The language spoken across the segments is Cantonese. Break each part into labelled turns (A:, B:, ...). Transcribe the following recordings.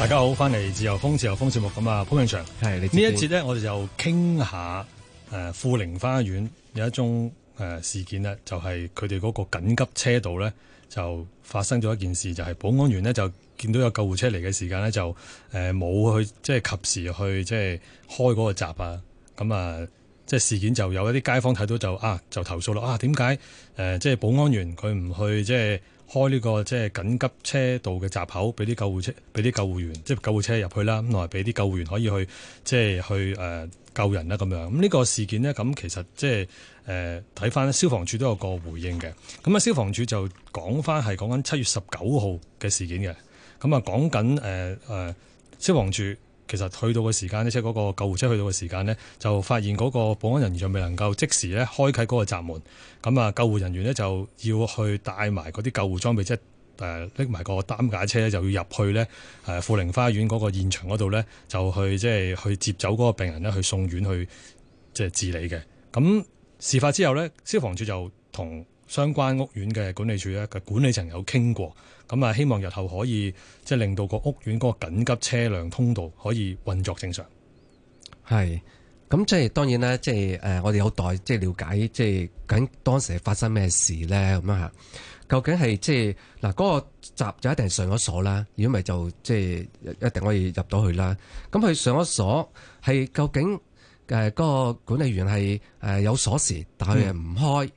A: 大家好，翻嚟《自由風》《自由風》節目咁啊，潘永祥係呢一節咧，我哋就傾下誒富寧花園有一宗誒事件咧，就係佢哋嗰個緊急車道咧就發生咗一件事，就係、是、保安員呢，就見到有救護車嚟嘅時間咧就誒冇去即係及時去即係開嗰個閘啊，咁啊即係事件就有一啲街坊睇到就啊就投訴啦啊點解誒即係保安員佢唔去即係？開呢個即係緊急車道嘅閘口，俾啲救護車俾啲救護員即係救護車入去啦，咁同埋俾啲救護員可以去即係去誒救人啦咁樣咁呢、呢個事件呢，咁其實即係誒睇翻消防處都有個回應嘅。咁啊，消防處就講翻係講緊七月十九號嘅事件嘅。咁啊，講緊誒誒消防處。其實去到嘅時間咧，即係嗰個救護車去到嘅時間呢，就發現嗰個保安人員仲未能夠即時咧開啟嗰個閘門，咁啊，救護人員呢就要去帶埋嗰啲救護裝備，即係誒拎埋個擔架車就要入去呢誒富寧花園嗰個現場嗰度呢，就去即係、就是、去接走嗰個病人呢去送院去即係治理嘅。咁事發之後呢，消防處就同相關屋苑嘅管理處咧嘅管理層有傾過，咁啊希望日後可以即係令到個屋苑嗰
B: 個緊急車輛通道可以運作正常。係，咁即係當然啦，即係誒，我哋有待即係了解，即係緊當時係發生咩事咧？咁啊嚇，究竟係即係嗱，嗰個閘就一定上咗鎖啦，如果唔係就即係一定可以入到去啦。咁佢上咗鎖係究竟誒嗰個管理員係誒有鎖匙，但佢係唔開。嗯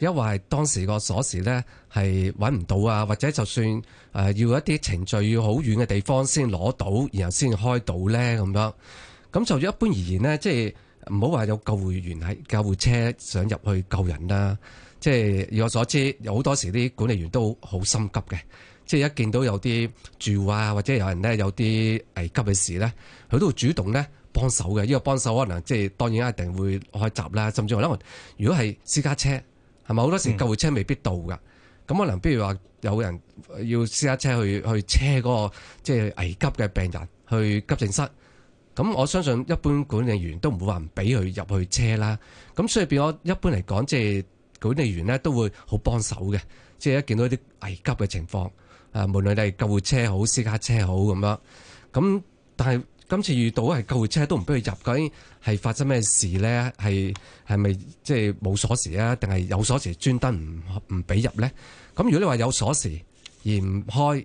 B: 因為當時個鎖匙咧係揾唔到啊，或者就算誒要一啲程序要好遠嘅地方先攞到，然後先開到咧咁樣。咁就一般而言咧，即係唔好話有救護員喺救護車想入去救人啦。即係以我所知，有好多時啲管理員都好心急嘅，即係一見到有啲住戶啊，或者有人咧有啲危急嘅事咧，佢都會主動咧幫手嘅。呢個幫手可能即係當然一定會開閘啦，甚至乎咧，如果係私家車。係咪好多時救護車未必到噶？咁可能，譬如話有人要私家車去去車嗰個即係危急嘅病人去急症室。咁我相信一般管理員都唔會話唔俾佢入去車啦。咁所以變咗一般嚟講，即係管理員咧都會好幫手嘅。即係一見到啲危急嘅情況，啊，無論你係救護車好私家車好咁樣，咁但係。今次遇到係救護車都唔俾佢入，究竟係發生咩事咧？係係咪即係冇鎖匙啊？定係有鎖匙專登唔唔俾入咧？咁如果你話有鎖匙而唔開？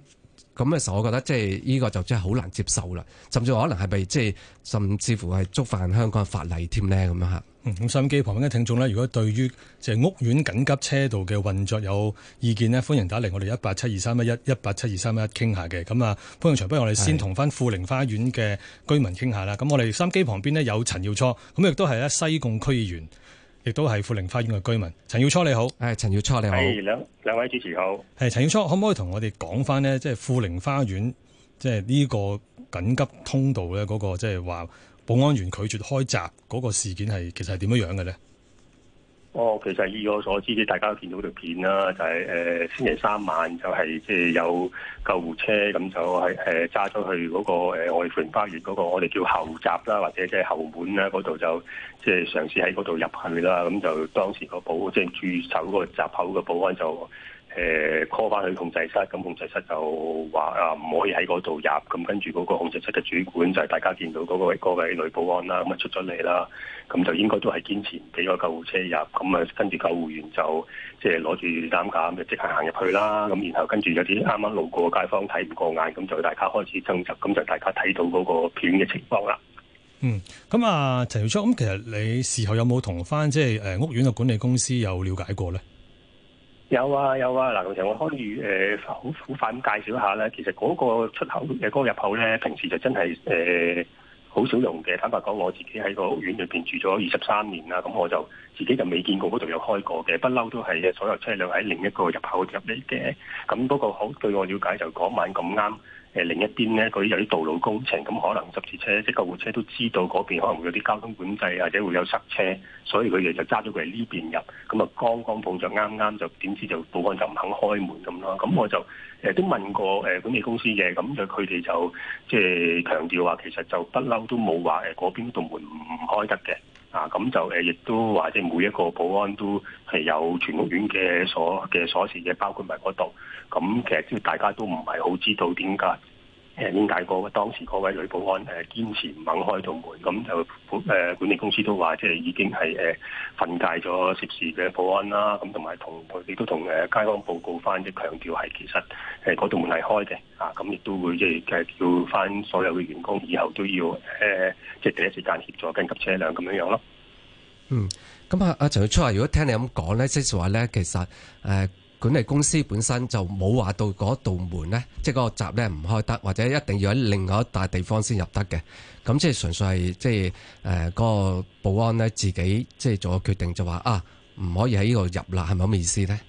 B: 咁嘅時候，我覺得即係呢個就真係好難接受啦，甚至我可能係咪即係甚至乎係觸犯香港嘅法例添呢？
A: 咁樣吓，咁收音機旁邊嘅聽眾呢，如果對於即係屋苑緊急車道嘅運作有意見呢，歡迎打嚟我哋一八七二三一一一八七二三一一傾下嘅。咁啊，潘永祥，不如我哋先同翻富寧花園嘅居民傾下啦。咁是我哋收音機旁邊呢，有陳耀初，咁亦都係咧西貢區議員。亦都係富寧花園嘅居民，陳耀初你好。誒，陳耀初你好。係，
C: 兩兩位主持好。
A: 係，陳耀初，可唔可以同我哋講翻呢？即係富寧花園，即係呢個緊急通道咧，嗰個，嗰個即係話保安員拒絕開閘嗰個事件係其實係點樣樣嘅咧？
C: 哦，其實以我所知嘅，大家都見到條片啦，就係誒星期三晚就係即係有救護車咁就係誒揸咗去嗰個誒愛翠花園嗰個我哋叫後閘啦，或者即係後門啦嗰度就即係、即係、嘗試喺嗰度入去啦，咁就當時嗰個保即係、即係、駐守嗰個閘口嘅保安就，誒 call 翻去控制室，咁控制室就話啊唔可以喺嗰度入，咁跟住嗰個控制室嘅主管就係、是、大家見到嗰個位女保安啦，咁啊出咗嚟啦，咁就應該都係堅持俾個救護車入，咁啊跟住救護員就即係攞住擔架咁，即刻行入去啦，咁然後跟住有啲啱啱路過街坊睇唔過眼，咁就大家開始爭執，咁就大家睇到嗰個片嘅情況啦、嗯。嗯，
A: 咁、呃、啊陳耀初，咁、嗯、其實你事後有冇同翻即係誒屋苑嘅管理公司有了解過咧？
D: 有啊
C: 有啊，嗱、啊，同其實我可以誒好好快咁介紹一下咧。其實嗰個出口嘅嗰、嗰個入口咧，平時就真係誒好少用嘅。坦白講，我自己喺個屋苑入邊住咗二十三年啦，咁我就自己就未見過嗰度有開過嘅。不嬲都係所有車輛喺另一個入口入嚟嘅。咁、嗰、不個好對我了解就嗰晚咁啱。誒另一邊咧，啲有啲道路工程，咁可能十字車、即救護車都知道嗰邊可能會有啲交通管制，或者會有塞車，所以佢哋就揸咗佢嚟呢邊入，咁啊剛剛碰上，啱啱就點知就保安就唔肯開門咁咯。咁我就誒都問過誒管理公司嘅，咁就佢哋就即係強調話，其實就不嬲都冇話誒嗰邊嗰道門唔開得嘅。嗱，咁、啊、就亦都話即每一個保安都係有全屋苑嘅鎖嘅鎖匙嘅，包括埋嗰度。咁其實即大家都唔係好知道點解。誒點解個當時嗰位女保安誒堅持唔肯開道門，咁就管理公司都話即係已經係誒訓戒咗涉事嘅保安啦，咁同埋同佢哋都同街坊報告翻，即係強調係其實誒嗰道門係開嘅啊，咁亦都會即係叫翻所有嘅員工以後都要誒即係第一時間協助緊急車輛咁樣樣咯。嗯，
B: 咁啊，阿陳耀初啊，如果聽你咁講咧，即係話咧，其實、呃管理公司本身就冇話到嗰道門咧，即係嗰個閘咧唔開得，或者一定要喺另外一笪地方先入得嘅。咁即係純粹係即係誒嗰個保安咧自己即係做個決定就話啊唔可以喺呢度入啦，係咪咁嘅意思咧？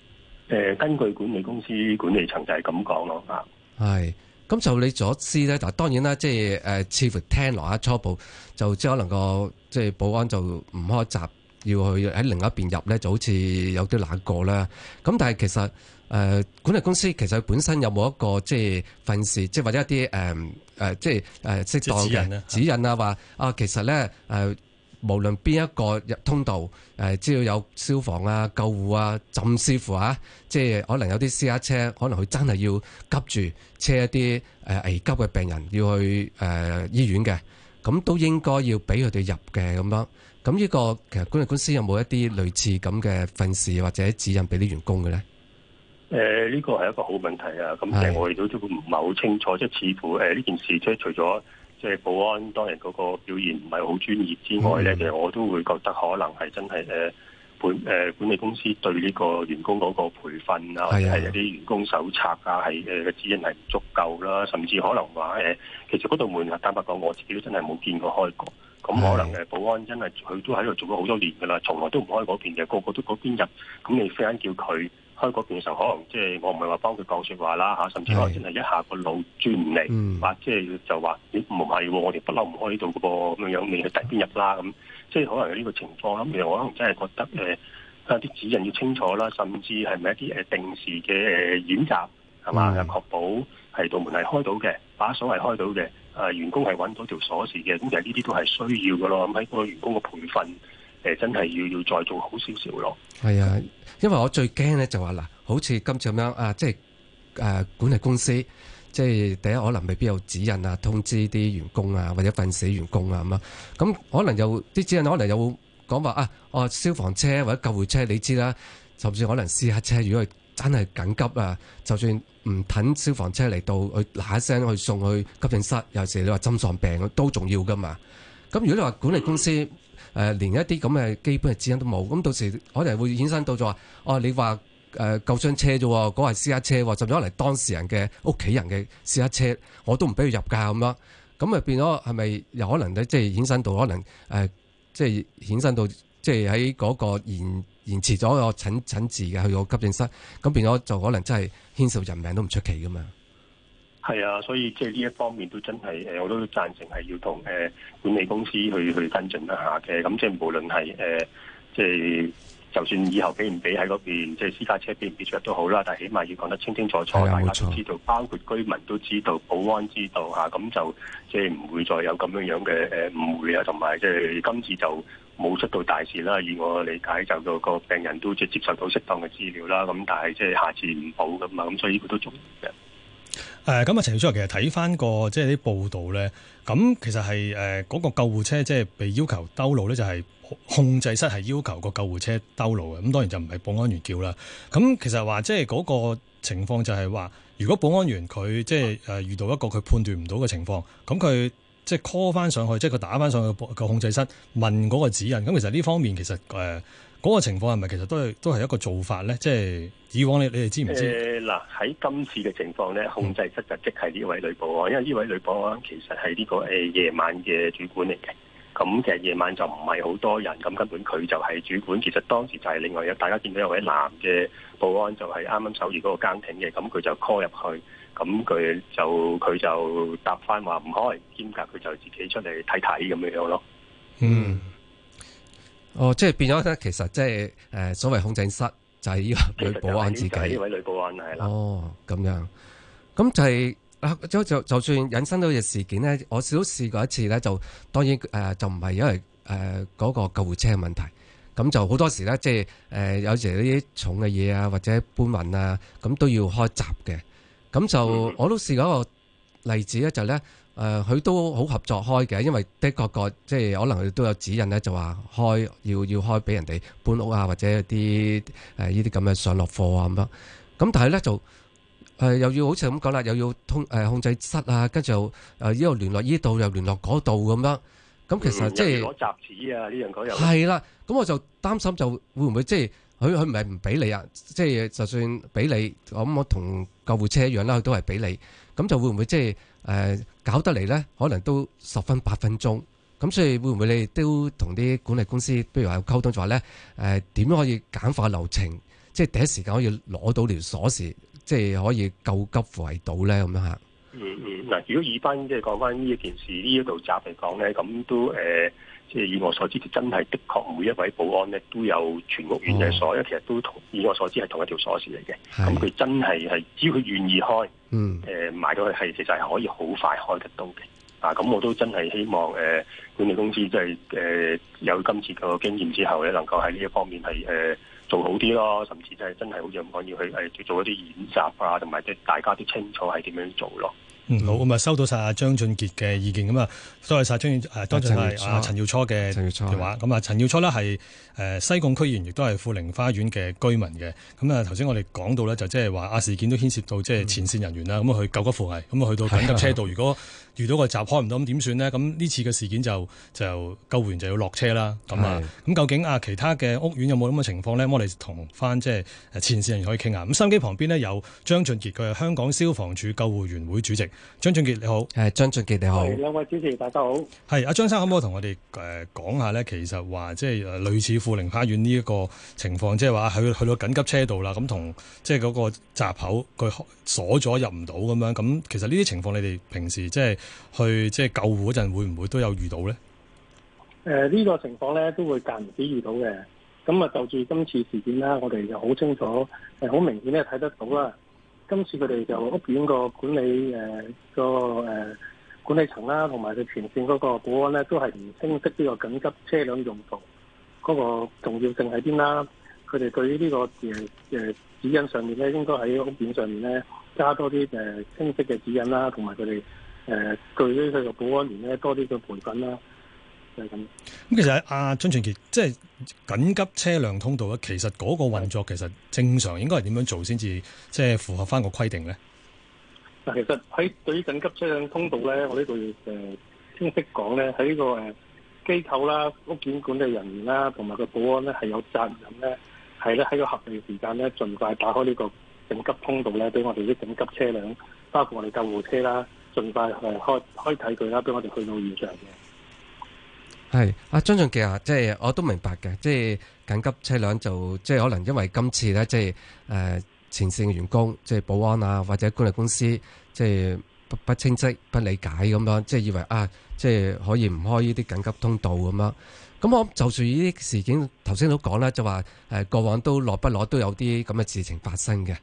C: 誒根據管理公司管理層就係咁講咯。啊，嗯，
B: 係咁就你所知咧，嗱當然啦，即係誒似乎聽落一初步就即係可能個即係保安就唔開閘。要去喺另一邊入呢，就好似有啲難過啦。咁但係其實誒、呃、管理公司其實本身有冇一個即係訓示，即係或者一啲誒誒即係誒適當嘅指引啊？話啊，其實呢，誒、呃、無論邊一個通道誒，只、呃、要有消防啊、救護啊，浸師傅啊，即係可能有啲私家車可能佢真係要急住車一啲誒危急嘅病人要去誒、呃、醫院嘅，咁都應該要俾佢哋入嘅咁樣。咁呢個其實管理公司有冇一啲類似咁嘅訓示，或者指引俾啲員工嘅咧？
C: 誒、呃，呢個係一個好問題啊！咁其實誒，我哋都都唔係好清楚，即係是似乎誒呢、呃、件事即係除咗即係保安當然嗰個表現唔係好專業之外咧，其實、嗯、我都會覺得可能係真係誒。呃管誒、呃、管理公司對呢個員工嗰個培訓啊，呀或者係一啲員工手冊啊，係誒嘅指引係唔足夠啦，甚至可能話、呃、其實嗰度門啊，坦白講，我自己都真係冇見過開過，咁可能是保安真係，佢都喺度做咗好多年㗎啦，從來都唔開嗰邊嘅，個個都嗰邊入，咁你忽然叫佢開嗰邊嘅時候，可能即係我唔係話幫佢講説話啦吓，甚至可能真係一下個腦轉唔嚟，或、嗯啊、即係就話你唔係喎，我哋不嬲唔開呢度嘅噃，咁樣你去第邊入啦、啊、咁。嗯即係可能係呢個情況，咁其實我可能真係覺得誒，有、呃、啲指引要清楚啦，甚至係咪一啲誒定時嘅誒演習係嘛、啊，確保係道門係開到嘅，把鎖係開到嘅，誒、呃、員工係揾到條鎖匙嘅，咁其實呢啲都係需要嘅咯。咁喺個員工嘅培訓，誒、呃呃呃呃呃呃、真係要要再做好少少咯。
B: 係啊，因為我最驚咧就話嗱，好似今次咁樣啊、呃，即係誒、呃、管理公司。即係第一，可能未必有指引啊，通知啲員工啊，或者瞓死員工啊咁啊。咁可能有啲指引，可能有講話啊，哦消防車或者救護車，你知啦。甚至可能私家車，如果真係緊急啊，就算唔等消防車嚟到，去嗱一聲去送去急症室。有時你話心臟病都重要㗎嘛。咁如果你話管理公司誒、啊、連一啲咁嘅基本嘅指引都冇，咁到時可能會衍生到咗啊。哦，你話。誒、呃、救傷車啫，嗰、嗰個私家車，甚至可能當事人嘅屋企人嘅私家車，我都唔俾佢入㗎咁啦。咁咪變咗係咪又可能即係、即係、衍生到可能誒，即、呃、係、即係、衍生到即係喺嗰個延延遲咗個診診治嘅去個急症室，咁變咗就可能真係牽涉人命都唔出奇噶嘛。
C: 係啊，所以即係呢一方面都真係誒，我都贊成係要同誒管理公司去去跟進一下嘅。咁即係無論係誒即係。呃即係就算以後俾唔俾喺嗰邊，即私家車俾唔俾出都好啦，但係起碼要講得清清楚楚，的大家都知道，錯包括居民都知道，保安知道嚇，咁就即唔會再有咁樣樣嘅誒誤會啊，同埋即今次就冇出到大事啦。以我理解，就個病人都即接受到適當嘅治療啦。咁但係即下次唔好咁嘛，咁所以佢都重要嘅。
A: 誒咁啊，陳耀初其實睇翻個即係啲報道咧，咁其實係誒嗰個救護車即係被要求兜路咧，就係、是、控制室係要求個救護車兜路嘅。咁當然就唔係保安員叫啦。咁其實話即係嗰個情況就係話，如果保安員佢即係誒遇到一個佢判斷唔到嘅情況，咁佢即係 call 翻上去，即係佢打翻上去個控制室問嗰個指引。咁其實呢方面其實誒。嗰個情況係咪其實都係都係一個做法咧？即、就、係、是，以往你你哋知唔知？
C: 嗱、呃，喺今次嘅情況咧，控制室就即係呢位女保安，嗯、因為呢位女保安其實係呢、這個誒、呃、夜晚嘅主管嚟嘅。咁、嗯、其實夜晚就唔係好多人，咁根本佢就係主管。其實當時就係另外有大家見到有位男嘅保安就係啱啱守住嗰個更亭嘅，咁佢就 call 入去，咁佢就佢就回答返話唔開兼閘，佢就自己出嚟睇睇咁樣樣咯。嗯。
B: 哦，即係變咗咧，其實即係誒，所謂控制室就係呢位女保安自己。呢位女保安係啦，哦，咁樣，咁就係、是、啊，就就算引申到嘅事件咧，我試都試過一次咧，就當然誒、呃，就唔係因為誒嗰、呃那個救護車嘅問題，咁就好多時咧，即係誒有時啲重嘅嘢啊，或者搬運啊，咁都要開閘嘅，咁就、嗯、我都試過一個例子咧，就咧、是。誒佢都好合作開嘅，因為的確個即係可能佢都有指引咧，就話開要要開俾人哋搬屋啊，或者啲誒呢啲咁嘅上落貨啊咁樣。咁但係咧就誒又要好似咁講啦，又要通誒控制室啊，跟住誒呢度聯絡呢度又聯絡嗰度咁樣。咁其實即係攞雜
C: 紙啊，呢樣講又係啦。
B: 咁我就擔心就會唔會即係佢佢唔係唔俾你啊？即係就算俾你，咁我同救護車一樣啦，佢都係俾你。咁就會唔會即係？誒、呃、搞得嚟咧，可能都十分八分鐘咁，所以會唔會你都同啲管理公司，譬如話有溝通就話咧，誒、呃、點樣可以簡化流程，即係第一時間可以攞到條鎖匙，即係可以救急扶危到咧咁樣嚇？嗯
C: 嗯，嗱，如果以翻即係講翻呢一件事呢一度集嚟講咧，咁都誒。呃即係以我所知，真係的，的確每一位保安咧都有全屋苑嘅鎖，一、哦、其實都同以我所知係同一條鎖匙嚟嘅。咁佢是真係係只要佢願意開，誒、嗯呃、埋到去係其實係可以好快開得到嘅。啊，咁我都真係希望誒、呃、管理公司即係誒有今次個經驗之後咧，能夠喺呢一方面係誒、呃、做好啲咯，甚至係真係好似唔講要去誒、呃、做一啲演習啊，同埋即係大家都清楚係點樣做咯。
A: 嗯，好，咁啊收到晒阿張俊傑嘅意見，咁啊，多謝晒張誒，多謝晒阿陳耀初嘅話，咁啊的，陳耀初呢係誒西貢區議員，亦都係富寧花園嘅居民嘅，咁啊，頭先我哋講到咧，就即係話啊事件都牽涉到即係前線人員啦，咁啊、嗯、去救急扶危，咁啊去到緊急車道，的如果。遇到個閘開唔到咁點算呢？咁呢次嘅事件就就救護員就要落車啦。咁啊，咁是、嗯、究竟啊其他嘅屋苑有冇咁嘅情況呢？我哋同翻即係前線人員可以傾下。咁收音機旁邊呢，有張俊傑，佢係香港消防處救護員會主席。張俊傑你好。誒，張俊傑你好。
D: 兩位主持，大家好。
A: 係阿張生，可唔可以同我哋誒、呃、講下呢？其實話即係類似富寧花園呢一個情況，即係話去去到緊急車道啦，咁同即係嗰個閘口佢鎖咗入唔到咁樣。咁其實呢啲情況，你哋平時即係。去即係救護嗰陣，會唔會都有遇到咧？
D: 誒、呃，呢、呢個情況咧都會間唔時遇到嘅。咁啊，就住今次事件啦，我哋就好清楚，誒，好明顯咧睇得到啦。今次佢哋就屋苑個管理誒個誒管理層啦，同埋佢前綫嗰個保安咧，都係唔清晰呢個緊急車輛用途嗰、嗰個重要性喺邊啦。佢哋對於、呢、呢個誒誒、呃呃、指引上面咧，應該喺屋苑上面咧加多啲誒、呃、清晰嘅指引啦，同埋佢哋。誒，對於佢個保安員咧，多啲嘅培訓啦，就係、是、
A: 咁。咁其實阿張俊傑，即係緊急車輛通道咧，其實嗰個運作其實正常應該係點樣做先至，即係符合翻個規定咧？
D: 嗱，其實喺對於緊急車輛通道咧，我呢度誒清晰講咧，喺呢個誒機構啦、屋苑管理人員啦，同埋個保安咧係有責任咧，係咧喺個合理嘅時間咧，儘快打開呢個緊急通道咧，俾我哋啲緊急車輛，包括我哋救護車啦。
B: 盡快誒開睇佢啦，俾我哋去到現場嘅。係阿張俊傑啊，即係我都明白嘅，即係緊急車輛就即係可能因為今次咧，即係誒前線員工即係保安啊或者管理公司即係不不清晰不理解咁樣，即係以為啊，即係可以唔開呢啲緊急通道咁樣。咁我就住呢啲事件，頭先都講啦，就話誒過往都落不落都有啲咁嘅事情發生嘅。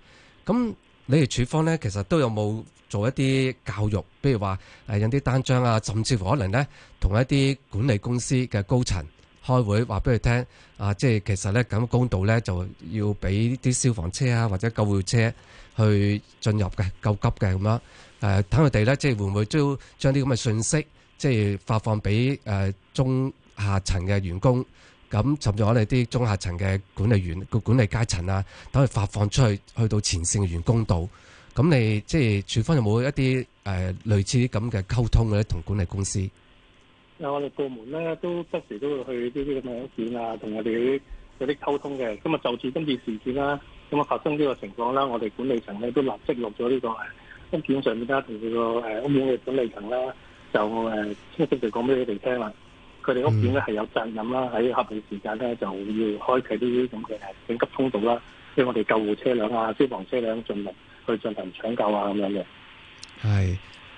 B: 咁你哋處方咧，其實都有冇做一啲教育？譬如話誒，印啲單張啊，甚至乎可能咧，同一啲管理公司嘅高層開會話俾佢聽啊，即係其實咧咁公道咧，就要俾啲消防車啊或者救護車去進入嘅，救急嘅咁樣誒，等佢哋咧，即係會唔會都將啲咁嘅信息即係發放俾誒中下層嘅員工？咁甚至我哋啲中下層嘅管理員、個管理階層啊，等佢發放出去去到前線嘅員工度。咁你即係處方有冇一啲誒類似啲咁嘅溝通咧？同管理公司，
D: 我哋部門咧都不時都會去啲啲咁嘅文件啊，同我哋有啲溝通嘅。咁啊，就似今次事件啦，咁啊發生呢個情況啦，我哋管理層咧都立即錄咗呢個誒文件上面啦，同佢個誒屋苑嘅管理層啦，就誒清晰地講俾佢哋聽啦。佢哋、嗯、屋苑咧係有責任啦，喺合理時間咧就要開啟呢啲咁嘅緊急通道啦，俾我哋救護車輛啊、消防車輛進嚟去進，進行搶救啊咁樣嘅。
B: 係，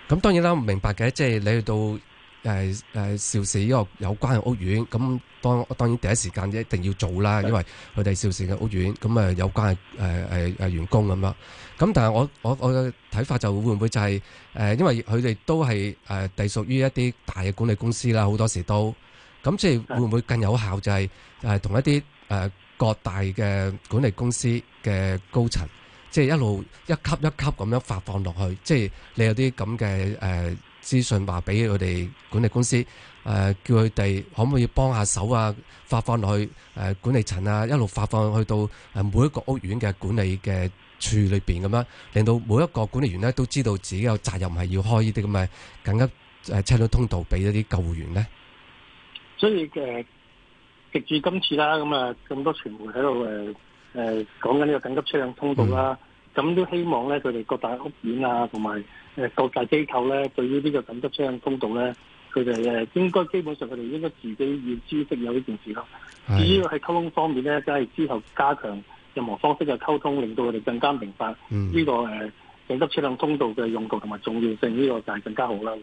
B: 咁當然啦，我明白嘅，即係你去到。誒誒邵氏呢個有關嘅屋苑，咁當當然第一時間一定要做啦，是的 因為佢哋邵氏嘅屋苑，咁誒有關誒誒誒員工咁咯。咁但係我我我嘅睇法就是會唔會就係、是、誒、呃，因為佢哋都係誒隸屬於一啲大嘅管理公司啦，好多時都咁，即係會唔會更有效就係誒同一啲誒、呃、各大嘅管理公司嘅高層，即、就、係、是、一路一級一級咁樣發放落去，即、就、係、是、你有啲咁嘅誒。呃私信話俾佢哋管理公司，誒叫佢哋可唔可以幫下手啊？發放落去誒管理層啊，一路發放去到每一個屋苑嘅管理嘅處裏邊咁樣，令到每一個管理員咧都知道自己有責任係要開呢啲咁嘅緊急誒車輛通道俾一啲救護員咧。
D: 所以誒，直至今次啦，咁啊，咁多傳媒喺度誒誒講緊呢個緊急車輛通道啦。咁都希望咧，佢哋各大屋苑啊，同埋、呃、各大機構咧，對於呢個緊急車輛通道咧，佢哋誒應該基本上佢哋應該自己要知識有呢件事啦。呢個喺溝通方面咧，梗係之後加強任何方式嘅溝通，令到佢哋更加明白呢、這個誒、嗯啊、緊急車輛通道嘅用途同埋重要性，呢、這個就係更加好啦。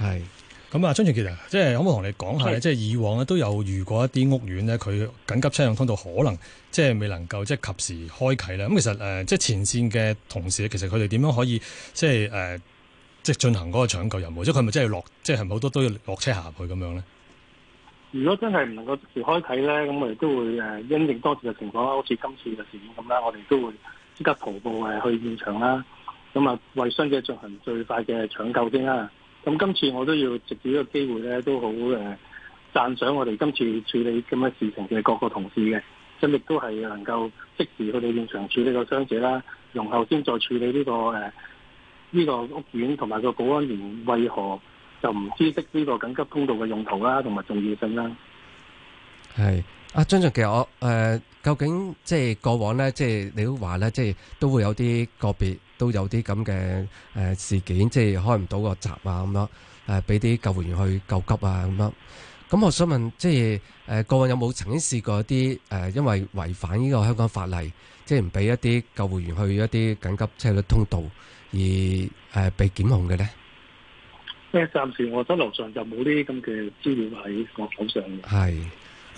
D: 係。
A: 咁啊，張俊、嗯、傑啊，即係可唔可以同你講下咧？即係的以往咧都有遇過一啲屋苑咧，佢緊急車輛通道可能即係未能夠即係及時開啟呢？咁其實即係、呃、前線嘅同事其實佢哋點樣可以即係誒，即係、呃、進行嗰個搶救任務，即係佢係咪真係落？即係係好多都要落車下去咁樣咧？
D: 如果真係唔能夠及時開啟咧，咁我哋都會因應應當時嘅情況啦。好似今次嘅事件咁啦，我哋都會即刻徒步誒去現場啦。咁啊，為傷者進行最快嘅搶救先啦。咁今次我都要藉住呢個機會咧，都好誒讚賞我哋今次處理咁樣事情嘅各個同事嘅，咁亦都係能夠即時去到現場處理個傷者啦，用後先再處理呢、這個誒呢、呃這個屋苑同埋個保安員為何就唔知識呢個緊急通道嘅用途啦，同埋重要性啦。
B: 係啊，張俊傑，其實我誒、呃，究竟即係過往咧，即、就、係、是、你都話咧，即、就、係、是、都會有啲個別。都有啲咁嘅誒事件，即係開唔到個閘啊，咁樣誒，俾啲救護員去救急啊，咁樣。咁我想問，即係誒個案有冇曾經試過一啲誒因為違反呢個香港法例，即係唔俾一啲救護員去一啲緊急車輛通道而誒被檢控嘅呢？誒，暫
D: 時我身上就冇啲咁嘅資料喺我手上嘅。
B: 係。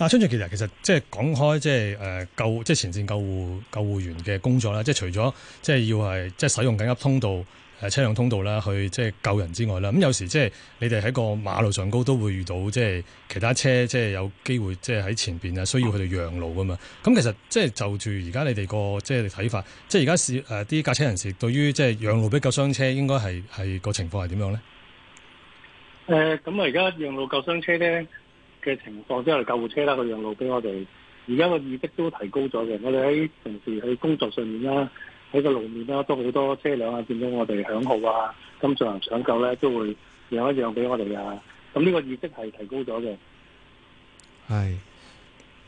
B: 啊，張其實即係
A: 講開即係誒救即係前線救護救護員嘅工作啦，即係除咗即係要係即係使用緊急通道誒、呃、車輛通道啦，去即係救人之外啦，咁、嗯、有時即係你哋喺個馬路上高都會遇到即係其他車即係有機會即係喺前邊啊，需要佢哋讓路噶嘛。咁、嗯、其實即係就住而家你哋個即係睇法，即係而家是誒啲駕、呃、車人士對於即係讓路俾救傷車應該是，應該係係個情況係點樣咧？誒、呃，
D: 咁啊，而家讓路救傷車咧，嘅情況即係、就是、救護車啦，佢讓路俾我哋。而家個意識都提高咗嘅。我哋喺同時喺工作上面啦，喺個路面啦，都好多車輛啊，見到我哋響號啊，咁進行搶救咧，都會讓一讓俾我哋啊。咁呢個意識係提高咗嘅。
B: 係。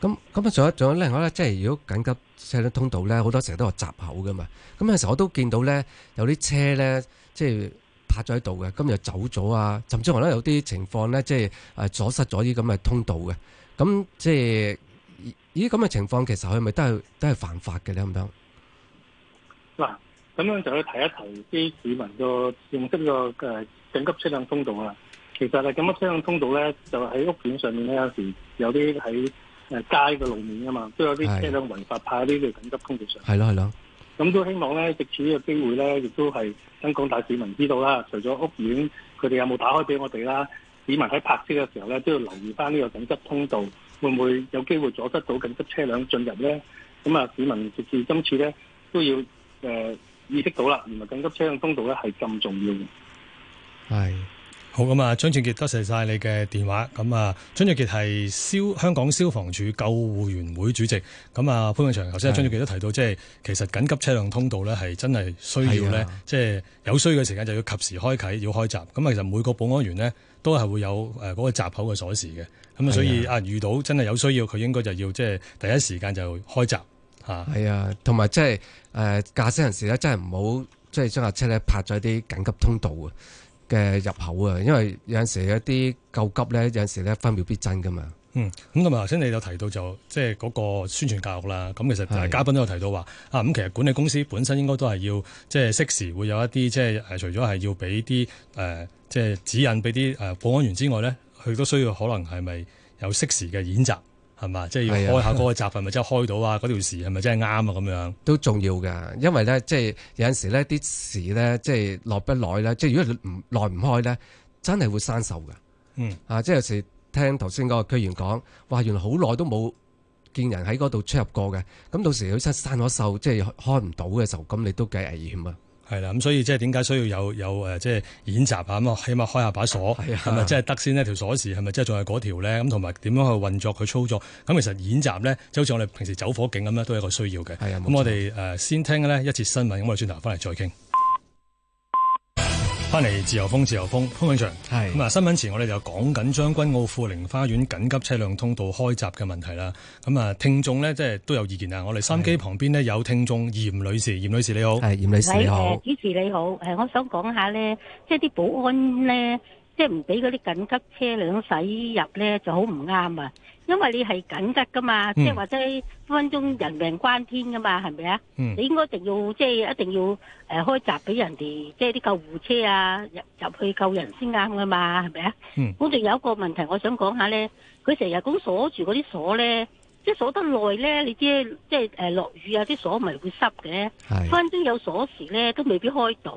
B: 咁咁啊，仲有仲有另外咧，即係如果緊急車輛通道咧，好多時候都有閘口噶嘛。咁有時我都見到咧，有啲車咧，即係。卡咗喺度嘅，今日走咗啊！甚至乎咧有啲情況咧，即係誒阻塞咗啲咁嘅通道嘅，咁即係依啲咁嘅情況，其實係咪都係都係犯法嘅咧？咁樣
D: 嗱，咁樣就去提一提啲市民認、這個認識個誒緊急車輛通道啊！其實咧緊急車輛通道咧，就喺屋苑上面咧，有時有啲喺誒街嘅路面啊嘛，都有啲車輛違法擺喺呢條緊急通道上。係咯，係咯。咁都希望呢，藉此呢個機會呢，亦都係跟廣大市民知道啦。除咗屋苑，佢哋有冇打開俾我哋啦？市民喺泊車嘅時候呢，都要留意翻呢個緊急通道，會唔會有機會阻塞到緊急車輛進入呢？咁啊，市民直至今次呢，都要、呃、意識到啦，原來緊急車輛通道呢係咁重要
A: 嘅。係。好咁啊，張俊傑，多謝晒你嘅電話。咁啊，張俊傑係消香港消防處救護員會主席。咁啊，潘永祥，頭先啊，張俊傑都提到，即係的其實緊急車輛通道咧，係真係需要咧，即係的有需要嘅時間就要及時開啟，要開閘。咁啊，其實每個保安員呢都係會有誒嗰個閘口嘅鎖匙嘅。咁啊，所以啊，遇到真係有需要，佢應該就要即係
B: 第一時間就開閘吓。係啊的，同埋即係誒，駕駛、就是、人士咧，真係唔好即係將架車咧泊咗啲緊急通道啊！嘅入口啊，因為有陣時一啲救急咧，有陣時咧分秒必爭噶嘛。
A: 嗯，咁同埋頭先你有提到就即係嗰個宣傳教育啦。咁其實大嘉賓都有提到話的啊，咁其實管理公司本身應該都係要即係適時會有一啲即係誒，除咗係要俾啲誒即係指引俾啲誒保安員之外咧，佢都需要可能係咪有適時嘅演習？係嘛，即係要開一下嗰個
B: 閘，係咪真係開到啊？嗰條匙係咪真係啱啊？咁樣都重要噶，因為咧，即係有陣時咧，啲匙咧，即係耐不耐咧，即係如果你唔耐唔開咧，真係會生銹噶。嗯啊，即係有時聽頭先嗰個區議員講，哇原來好耐都冇見人喺嗰度出入過嘅，咁到時佢生咗銹，即係開唔到嘅時候，咁你都幾危險啊。係啦，咁所以即係點解需要有有誒，即係演習啊，咁啊，起碼開下把鎖，係咪即係
A: 得先呢？條鎖匙係咪即係仲係嗰條咧？咁同埋點樣去運作去操作？咁其實演習咧，就好似我哋平時走火警咁樣，都係一個需要嘅。咁的我哋誒先聽呢一節新聞，咁錯我轉頭翻嚟再傾。翻嚟自由風，自由風，潘永祥。咁啊！的新聞前我哋就講緊將軍澳富寧花園緊急車輛通道開閘嘅問題啦。咁啊，聽眾咧即係都有意見啊！我哋收音機旁邊咧有聽眾嚴女士，的嚴女士你好，係嚴女士你好，你好，
E: 主持你好。我想講下咧，即係啲保安咧，即係唔俾嗰啲緊急車輛駛入咧，就好唔啱啊！因為你係緊急噶嘛，即係、嗯、或者分分鐘人命關天噶嘛，係咪啊？嗯、你應該一定要即係一定要誒、呃、開閘俾人哋，即係啲救護車啊入入去救人先啱噶嘛，係咪啊？我仲、嗯、有一個問題，我想講一下咧，佢成日咁鎖住嗰啲鎖咧，即係鎖得耐咧，你知，即係誒落雨啊，啲鎖咪會濕嘅，分分鐘有鎖匙咧都未必開到，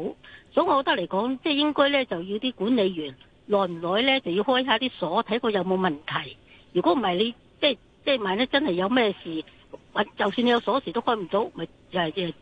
E: 所以我覺得嚟講，即係應該咧就要啲管理員耐唔耐咧就要開下啲鎖，睇過有冇問題。如果唔係你，即係即係萬一真係有咩事，或就算你有鎖匙都開唔到，咪又係即係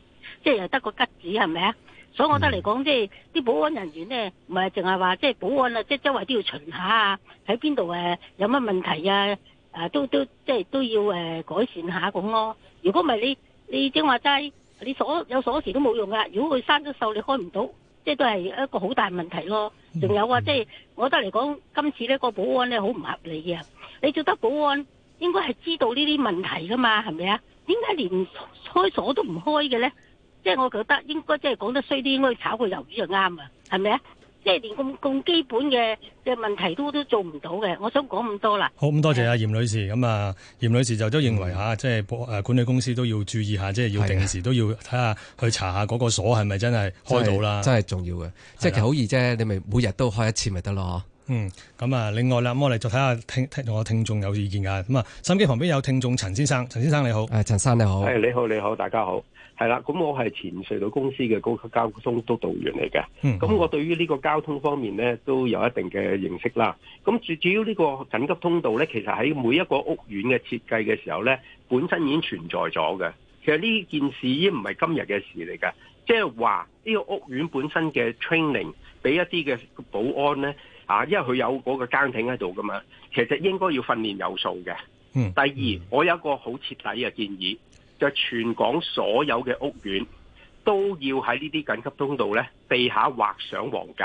E: 即係又得個吉子係咪啊？所以我覺得嚟講，即係啲保安人員咧，唔係淨係話即係保安啊，即係周圍都要巡下啊，喺邊度誒有乜問題啊？誒、啊，都都即係都要誒改善下咁咯不。如果唔係你你正話齋，你鎖有鎖匙都冇用噶。如果佢生咗銹，你開唔到，即係都係一個好大問題咯。仲有啊，即係我覺得嚟講，今次呢個保安咧好唔合理嘅。你做得保安，應該係知道呢啲問題噶嘛，係咪啊？點解連開鎖都唔開嘅咧？即係我覺得應該即係講得衰啲，應該炒個魷魚就啱啊，係咪啊？即係連咁咁基本嘅嘅問題都都做唔到嘅，我想講咁多啦。
A: 好咁，多謝阿嚴女士。咁啊，嚴女士就都認為嚇，即係誒管理公司都要注意下，即係要定時都要睇下去查下嗰個鎖係咪真係開到啦？真係重要嘅，即係其實好易啫，你咪每日都開一次咪得咯。嗯，咁啊，另外啦，我哋就睇下聽聽同我聽眾有意見噶。咁、嗯、啊，收音機旁邊有聽眾陳先生，
B: 陳先生你好，誒，陳生你好，hey, 你
F: 好，你好，大家好，係啦。咁我係前隧道公司嘅高級交通督導員嚟嘅。咁、嗯、我對於呢個交通方面咧都有一定嘅認識啦。咁主要呢個緊急通道咧，其實喺每一個屋苑嘅設計嘅時候咧，本身已經存在咗嘅。其實呢件事已經唔係今日嘅事嚟嘅，即係話呢個屋苑本身嘅 training 俾一啲嘅保安咧。啊，因為佢有嗰個更亭喺度噶嘛，其實應該要訓練有素嘅。嗯、第二，我有一個好徹底嘅建議，就係、是、全港所有嘅屋苑都要喺呢啲緊急通道咧，地下劃上黃格，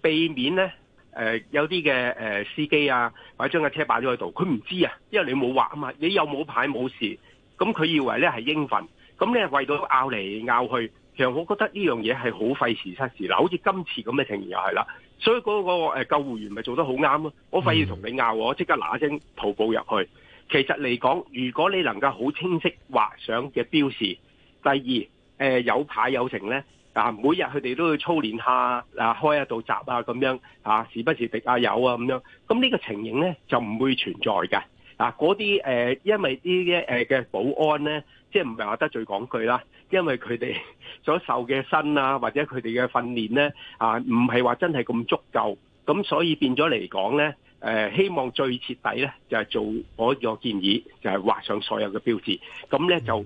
F: 避免咧誒、呃、有啲嘅誒司機啊，或者將架車擺咗喺度，佢唔知啊，因為你冇劃啊嘛，你又冇牌冇事。咁佢以為咧係應份，咁咧為到拗嚟拗去。其實我覺得呢樣嘢係好費時失事嗱，好似今次咁嘅情形又係啦，所以嗰個救護員咪做得好啱咯。我費事同你拗，我立即刻嗱聲徒步入去。其實嚟講，如果你能夠好清晰畫上嘅標示，第二誒、呃、有牌有情咧啊，每日佢哋都要操練一下嗱、啊，開一道閘啊咁樣嚇，時不時滴下油啊咁樣，咁呢個情形咧就唔會存在嘅。嗱，嗰啲誒，因為啲嘅誒嘅保安咧，即係唔係話得罪講句啦，因為佢哋所受嘅薪啊，或者佢哋嘅訓練咧，啊，唔係話真係咁足夠，咁所以變咗嚟講咧，誒、呃，希望最徹底咧，就係、是、做我個建議，就係、是、畫上所有嘅標誌，咁咧就。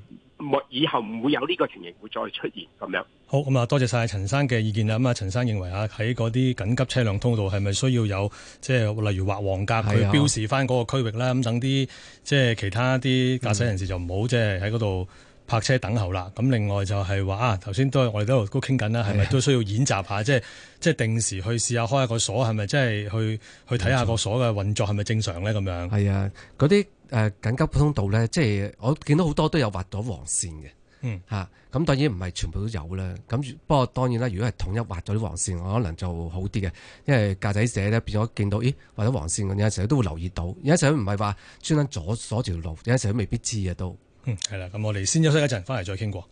F: 以後唔會有呢個情形會再
A: 出現咁樣。好，咁啊，多謝晒陳生嘅意見啦。咁啊，陳生認為啊，喺嗰啲緊急車輛通道係咪需要有即係，例如畫黃格去標示返嗰個區域啦？咁等啲即係其他啲駕駛人士就唔好即係喺嗰度泊車等候啦。咁、嗯、另外就係話啊，頭先都係我哋都喺度都傾緊啦，係咪都需要演習下？啊、即係即係定時去試下開下個鎖，係咪即係去
B: 錯去睇下個鎖嘅運作係咪正常咧？咁樣係啊，啲。誒緊急普通道咧，即係我見到好多都有劃咗黃線嘅，嚇咁、嗯啊、當然唔係全部都有啦。咁不過當然啦，如果係統一劃咗啲黃線，我可能就好啲嘅，因為駕駛者咧變咗見到，咦，劃咗黃線，有陣時候都會留意到。有陣時唔係話專登阻阻條路，有陣時候都未必知嘅都。嗯，係啦，咁我哋先休息一陣，翻嚟再傾過。